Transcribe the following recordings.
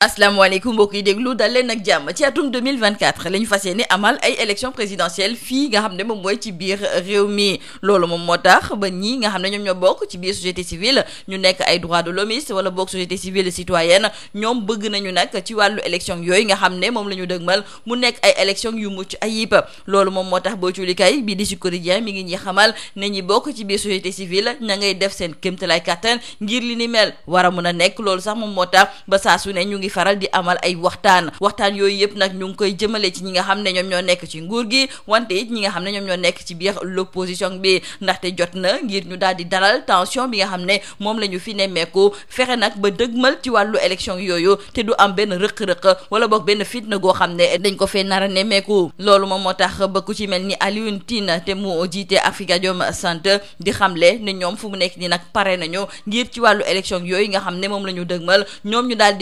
asalaamaaleykum mbokk yi déglu dal leen ak jàmm ci atum 2024 la ñu fas yéene amal ay élection présidentielle fii nga xam ne moom mooy ci biir réew mi loolu moom moo tax ba ñii nga xam ne ñoom ñoo bokk ci biir société civile ñu nekk ay droits de l'homme wala bokk société civile citoyenne ñoom bëgg nañu nag ci wàllu élection yooyu nga xam ne moom la ñu dëgmal mu nekk ay élection yu mucc ayib loolu moom moo tax boo culikay bii di si quotidien mi ngi ñuy xamal ne ñi bokk ci biir société na ngay def seen kéemtalaay kàttan ngir li ni mel war a mun a nekk loolu sax moom moo tax ba saa su ngi ngi faral di amal ay waxtaan waxtaan yooyu yëpp nag ñu ngi koy jëmale ci ñi nga xam ne ñoom ñoo nekk ci nguur gi wante it ñi nga xam ne ñoom ñoo nekk ci biir l'opposition bi ndaxte jot na ngir ñu daal di dalal tension bi nga xam ne moom la ñu fi nemmeeku fexe nag ba dëgmal ci wàllu élection yooyu te du am benn rëq-rëq wala boog benn fitna goo xam ne dañ ko fee nar nemmeeku loolu moom moo tax ba ci mel ni Alioune Tine te mu jiite Afrikajom Center di xamle ne ñoom fu mu nekk ni nag pare nañu ngir ci wàllu élection yooyu nga xam ne moom la ñu dëgmal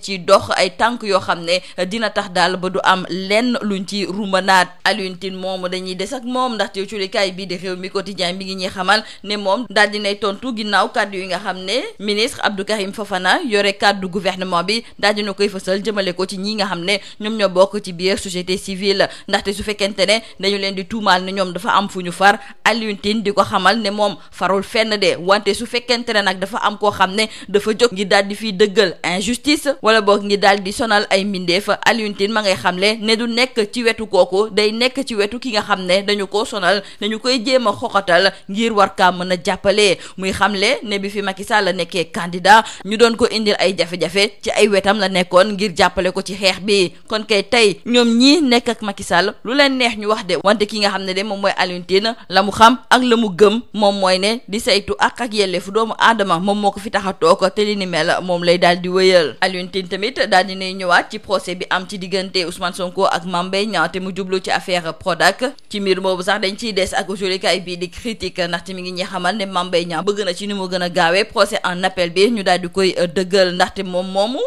ci dox dox ay tànk yoo xam ne dina tax daal ba du am lenn luñ ci rumanaat Alioune Tine moomu dañuy des ak moom ndaxte culikaay bii di réew mi quotidien bi ngi ñuy xamal ne moom daal dinay tontu ginnaaw kàddu yi nga xam ne ministre Abdou Karim Fofana yore kàddu gouvernement bi daal dina koy fësal jëmale ko ci ñi nga xam ne ñoom ñoo bokk ci biir société civile ndaxte su fekkente ne dañu leen di tuumaal ne ñoom dafa am fu ñu far Alioune di ko xamal ne moom farul fenn de wante su fekkente ne nag dafa am koo xam ne dafa jóg ngir daal di fiy dëggal injustice wala boog ngir daal di sonal ay mbindeef Alioune ma ngay xamle ne du nekk ci wetu kooku day nekk ci wetu ki nga xam ne dañu koo sonal dañu koy jéem a xoxatal ngir war kaa mën a jàppale muy xamle ne bi fi Macky Sall nekkee candidat ñu doon ko indil ay jafe ci ay wetam la nekkoon ngir jàppale ko ci xeex bi kon kay tey ñoom ñii nekk ak Macky Sall lu leen neex ñu wax de wante ki nga xam ne de moom mooy Alioune Tine la mu xam ak la mu gëm moom mooy ne di saytu ak ak yelleefu doomu aadama moom moo ko fi tax a te li ni mel moom lay daal di wëyal Alioune tamit daal dinay ñëwaat ci procès bi am ci diggante Ousmane Sonko ak Mame Mbaye Niang te mu jublu ci affaire Prodac ci mbir moobu sax dañ ciy des ak jolikaay ne Mame a gaawee bi di koy euh, dëggal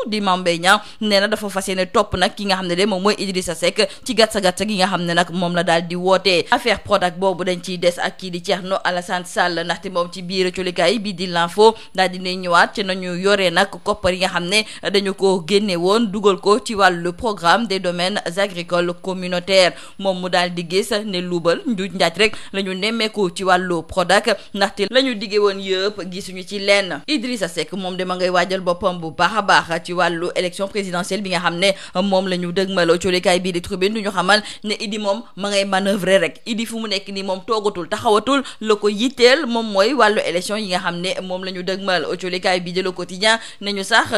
di Mame topp nag ki nga xam ne de moom mooy Idrissa Seck ci gàtsa gàtsa gi nga xam ne nag moom la daal di wootee affaire Prodac boobu dañ ciy des ak kii di Thierno Alassane Sall ndaxte moom ci biir jolikaay bii di l'info daal dinay ñëwaat ci nañu yoree nag koppar yi nga xam ne dañu ko génne génne woon dugal ko ci wàllu programme des domaines agricoles communautaires moom mu daal di gis ne luubal njuuj njaaj rek la ñu nemmeeku ci wàllu Prodac ndaxte la ñu diggee woon yëpp gisuñu ci lenn Idrissa Seck moom dama ngay waajal boppam bu baax a baax ci wàllu élection présidentielle bi nga xam ne moom la ñu dëgmaloo coolikaay bii di tribune du ñu xamal ne Idi moom ma ngay manoeuvrer rek Idi fu mu nekk nii moom toogatul taxawatul la ko yitteel moom mooy wàllu élection yi nga xam ne moom la ñu dëgmal coolikaay bii di le quotidien nañu sax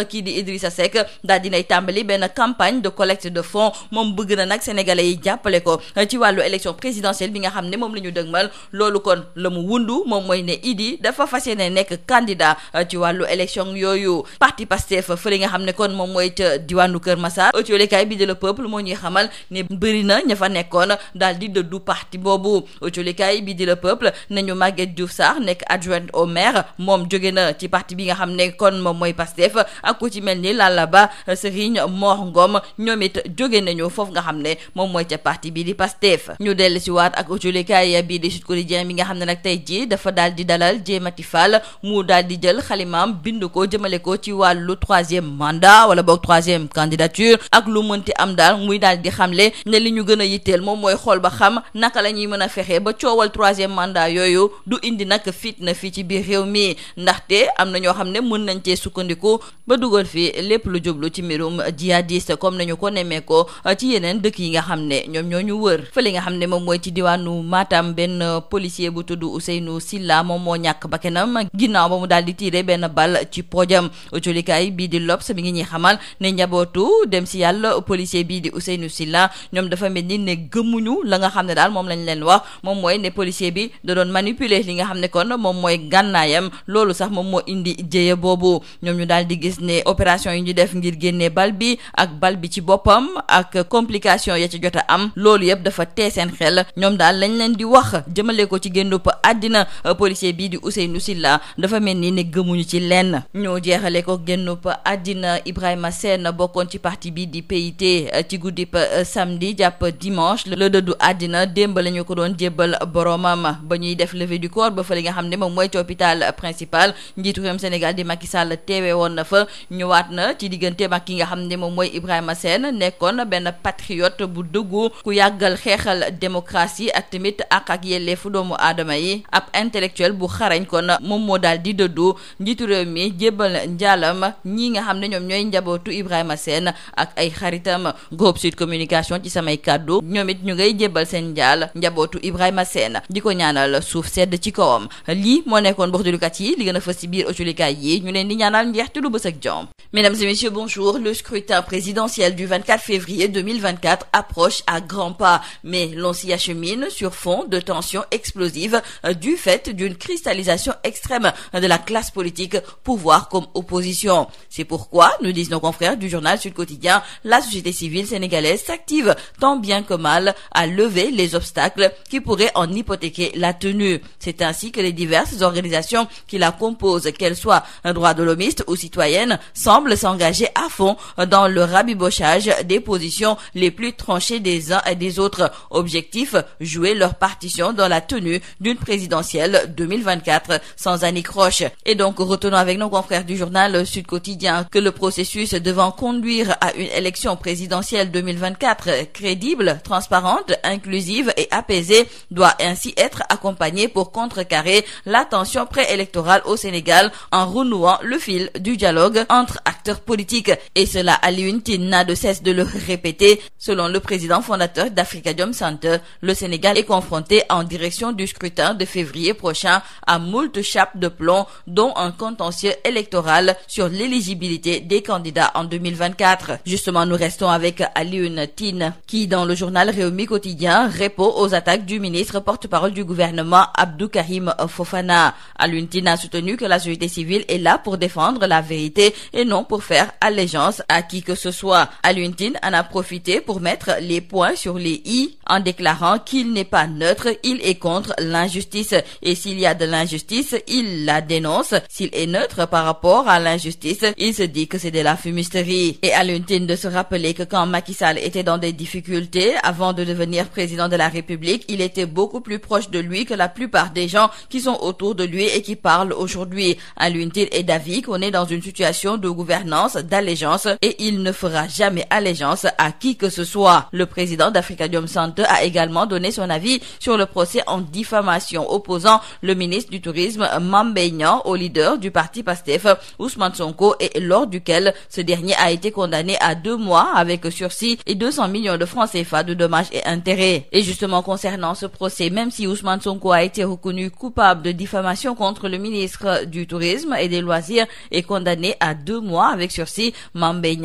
dinay tàmbali benn campagne de collecte de fonds moom bëgg na nag sénégalais yi jàppale ko ci wàllu élection présidentielle bi nga xam ne moom la ñu dëgmal loolu kon la mu wundu moom mooy ne Idi dafa fas yéene nekk candidat euh, ci wàllu élection yooyu parti fa fële nga xam ne kon moom mooy ca diwaanu Kër Massar autolikaay bi de le peuple moo ñuy xamal ne bëri na ñu fa nekkoon daal di dëddu parti boobu autolikaay bi di le peuple nañu Maguette Diouf Sarr nekk adjoint au maire moom jóge na ci parti bi nga xam ne kon moom mooy Pastef ak ku ci mel ni Lalla Ba Serigne Mor Ngom ñoom it jóge nañu foofu nga xam ne moom mooy ca parti bii di Pastef ñu dellu si waat ak julikaay bii di Sud Quotidien bi nga xam ne nag tey jii dafa daal di dalal Jéemati Fall mu daal di jël xalimaam bind ko jëmale ko ci wàllu troisième mandat wala boog troisième candidature ak lu mënti am daal muy daal di xamle ne li ñu gën a yitteel moom mooy xool ba xam naka la ñuy mën a fexe ba coowal troisième mandat yooyu du indi nag na fii ci biir réew mi ndaxte am na ñoo xam ne sukkandiku ci mbirum jihadiste comme nañu ko nemmeekoo ci yeneen dëkk yi nga xam ne ñoom ñoo ñu wër fële nga xam ne moom mooy ci diwaanu Matam benn policier bu tudd Ousseynou Silla moom moo ñàkk bakkanam ginnaaw ba mu daal di tiire benn bal ci poojam colikaay bii di L'Obs mi ngi ñuy xamal ne njabootu dem si yàlla policier bii di Ousseynou Silla ñoom dafa mel ni ne gëmuñu la nga xam ne daal moom lañ leen wax moom mooy ne policier bi da manipuler li nga xam ne kon moom mooy gànnaayam sax moom moo indi jéye boobu ñoom ñu daal di gis ne opération yi ñu def ngir génnee bal bi bal bi ci boppam ak complication ya ci jot a am loolu yëpp dafa tee seen xel ñoom daal lañ leen di wax jëmale ko ci génnup àddina policier bii di Ousseynou Sylla dafa mel ni ne gëmuñu ci lenn ñoo jeexale ko génnup àddina Ibrahima Sène bokkoon ci parti bi di PIT ci guddip euh, samedi jàpp dimanche la dëddu àddina démb la ñu ko doon jébbal boromam ba ñuy def levée du corps ba fa li nga xam ne moom mooy ci hôpital principal njiitu réewum Sénégal di Macky Sall teewe woon na fa ñëwaat na ci diggante ak ki nga xam ne moom mooy Ibrahima Sène nekkoon benn patriote bu dëggu ku yàggal xeexal démocratie ak tamit ak ak fu doomu aadama yi ab intellectuel bu xarañ kon moom moo daal di dëddu njiitu réew mi jébbal njaalam ñi nga xam ne ñoom ñooy njabootu Ibrahima Sène ak ay xaritam groupe Sud Communication ci samay kàddu ñoom it ñu ngay jébbal seen njaal njabootu Ibrahima Sène di ko ñaanal suuf sedd ci kawam lii moo nekkoon box dulukat yi li gën a biir autolikaay yi ñu leen di ñaanal njeexte lu bës ak jours, le scrutin présidentiel du février approche à grands pas, mais l'on s'y achemine sur fond de tensions explosives euh, du fait d'une cristallisation extrême de la classe politique, pouvoir comme opposition. C'est pourquoi, nous disent nos confrères du journal Sud Quotidien, la société civile sénégalaise s'active tant bien que mal à lever les obstacles qui pourraient en hypothéquer la tenue. C'est ainsi que les diverses organisations qui la composent, qu'elles fond euh, dans le rabibochage des positions les plus tranchées des uns et des autres. Objectif, jouer leur partition dans la tenue d'une présidentielle 2024 sans anicroche. Et donc, retenons avec nos confrères du journal Sud Quotidien que le processus devant conduire à une élection présidentielle 2024 crédible, transparente, inclusive et apaisée doit ainsi être accompagnée pour contrecarrer la préélectorale au Sénégal en renouant le fil du dialogue acteurs politiques. Et cela, Alioune Tine n'a de cesse de le répéter. Selon le président fondateur d'Africadium Center, le Sénégal est confronté en direction du scrutin de février prochain à moult chapes de plomb, dont un contentieux électoral sur l'éligibilité des candidats en 2024. Justement, nous restons avec Alioune Tine, qui dans le journal Réumi Quotidien répond aux attaques du ministre porte-parole du gouvernement Abdou Karim Fofana. Alioune Tine a soutenu que la société civile pour faire allégeance à qui que ce soit. Alioune en a profité pour mettre les points sur les i en déclarant qu'il n'est pas neutre, il est contre l'injustice. Et s'il y a de l'injustice, il la dénonce. S'il est neutre par rapport à l'injustice, il se dit que c'est de la fumisterie. Et Alioune de se rappeler que quand Macky était dans des difficultés, avant de devenir président de la République, il était beaucoup plus proche de lui que la plupart des gens qui sont autour de lui et qui parlent aujourd'hui. Alioune est d'avis qu'on est dans une situation 62 a également donné son avis sur le procès en diffamation opposant le ministre du Tourisme Mame au leader du parti PASTEF Ousmane Sonko et lors duquel ce dernier a été condamné à deux mois avec sursis et 200 millions de francs CFA de dommages et intérêts. Et justement concernant ce procès, même si Ousmane Sonko a été reconnu coupable de diffamation contre le ministre du Tourisme et des Loisirs et condamné à deux mois avec sursis, Mame Mbaye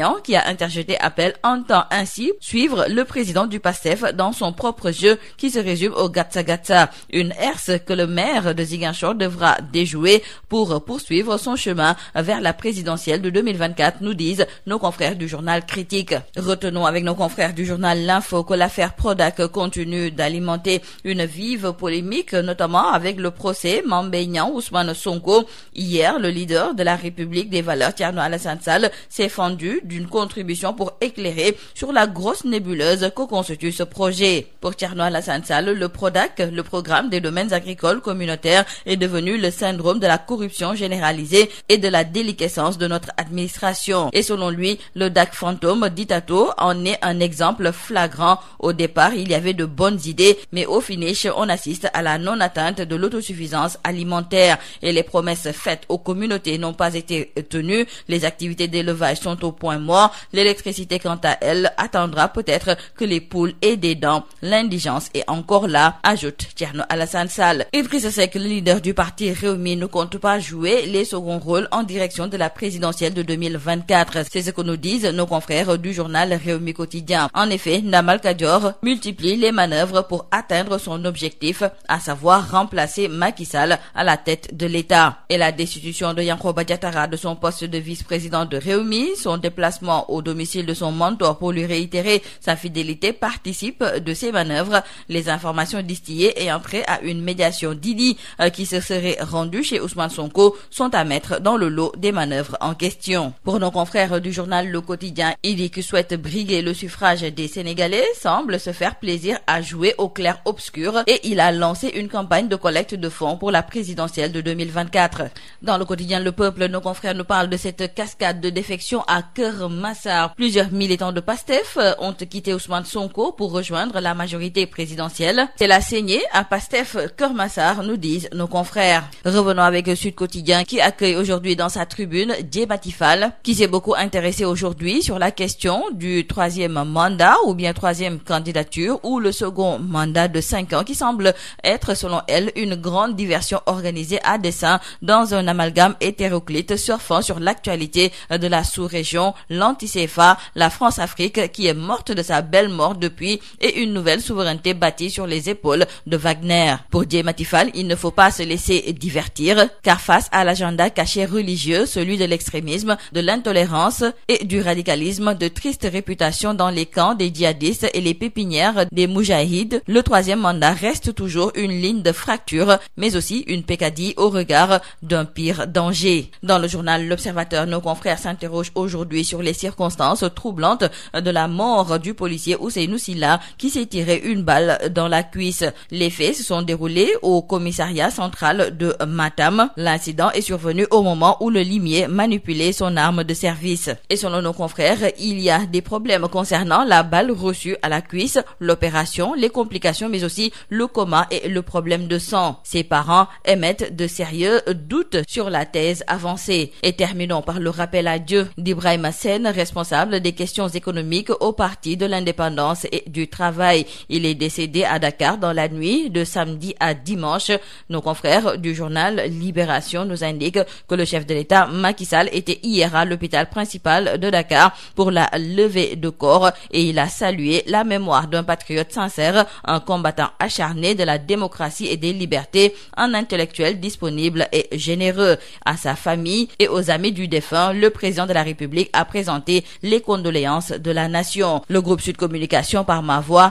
son propre qui se résume au gatsa gatsa, une herse que le maire de Ziguinchor devra déjouer pour poursuivre son chemin vers la présidentielle de 2024, nous disent nos confrères du journal Critique. Retenons avec nos confrères du journal L'Info que l'affaire Prodac continue d'alimenter une vive polémique, notamment avec le procès Mambéignan Ousmane Sonko. Hier, le leader de la République des valeurs, Tierno Alassane Sall, s'est fendu d'une contribution pour éclairer la grosse nébuleuse que constitue ce projet. Et pour Tcherno Alassane Sall, le PRODAC, le programme des domaines agricoles communautaires, est devenu le syndrome de la corruption généralisée et de la déliquescence de notre administration. Et selon lui, le DAC fantôme d'Itato en est un exemple flagrant. Au départ, il y avait de bonnes idées, mais au finish, on assiste à la non-atteinte de l'autosuffisance alimentaire et les promesses faites aux communautés n'ont pas été tenues. Les activités d'élevage sont au point maintenant, l'indigence est encore là, ajoute Tierno Alassane Sall. Idrissa Seck, le leader du parti Rewmi, ne compte pas jouer les seconds rôles en direction de la présidentielle de 2024. C'est ce que nous disent nos confrères du journal Rewmi Quotidien. En effet, Ndamal multiplie les manœuvres pour atteindre son objectif, à savoir remplacer Macky à la tête de l'État. Et la destitution de Yankhoba Diattara de son poste de vice-président de Rewmi, son déplacement de ces manœuvres, les informations distillées ayant trait à une médiation d'Idi euh, qui se serait rendue chez Ousmane Sonko sont à mettre dans le lot des manœuvres en question. Pour nos confrères du journal Le Quotidien, Idi qui souhaite briguer le suffrage des Sénégalais semble se faire plaisir à jouer au clair-obscur et il a lancé une campagne de collecte de fonds pour la présidentielle de Dans le quotidien Le Peuple, nos confrères nous parlent de cette par la majorité présidentielle. C'est la saignée à Pastef Kormassar, nous disent nos confrères. Revenons avec le Sud Quotidien qui accueille aujourd'hui dans sa tribune Diebatifal, qui s'est beaucoup intéressé aujourd'hui sur la question du troisième mandat ou bien troisième candidature ou le second mandat de cinq ans qui semble être, selon elle, une grande diversion organisée à dessein dans un amalgame hétéroclite surfant sur l'actualité de la sous-région, lanti une nouvelle souveraineté bâtie sur les épaules de Wagner. Pour Diematifal, il ne faut pas se laisser divertir, car face à l'agenda caché religieux, celui de l'extrémisme, de l'intolérance et du radicalisme, de triste réputation dans les camps des djihadistes et les pépinières des moudjahides, le troisième mandat reste toujours une ligne de fracture, mais aussi une peccadille au regard d'un pire danger. Dans le journal L'Observateur, nos confrères s'interrogent qui s'est une balle dans la cuisse. Les faits se sont déroulés au commissariat central de Matam. L'incident est survenu au moment où le limier manipulait son arme de service. Et selon nos confrères, il y a des problèmes concernant la balle reçue à la cuisse, l'opération, les complications, mais aussi le coma et le problème de sang. Ses parents émettent de sérieux doutes sur la thèse avancée. Et terminons par le rappel à Dieu d'Ibrahima responsable des questions travail. Il est décédé à Dakar dans la nuit de samedi à dimanche. Nos confrères du journal Libération nous indiquent que le chef de l'État, Macky Sall, était hier à l'hôpital principal de Dakar pour la levée de corps et il a salué la mémoire d'un patriote sincère, un combattant acharné de la démocratie et des libertés, un intellectuel disponible et généreux. À sa famille et aux amis du défunt, le président de la République a présenté les condoléances de la nation.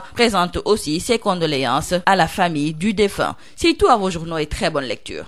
Touba présente aussi ses condoléances à la famille du défunt. C'est tout à vos journaux et très bonne lecture.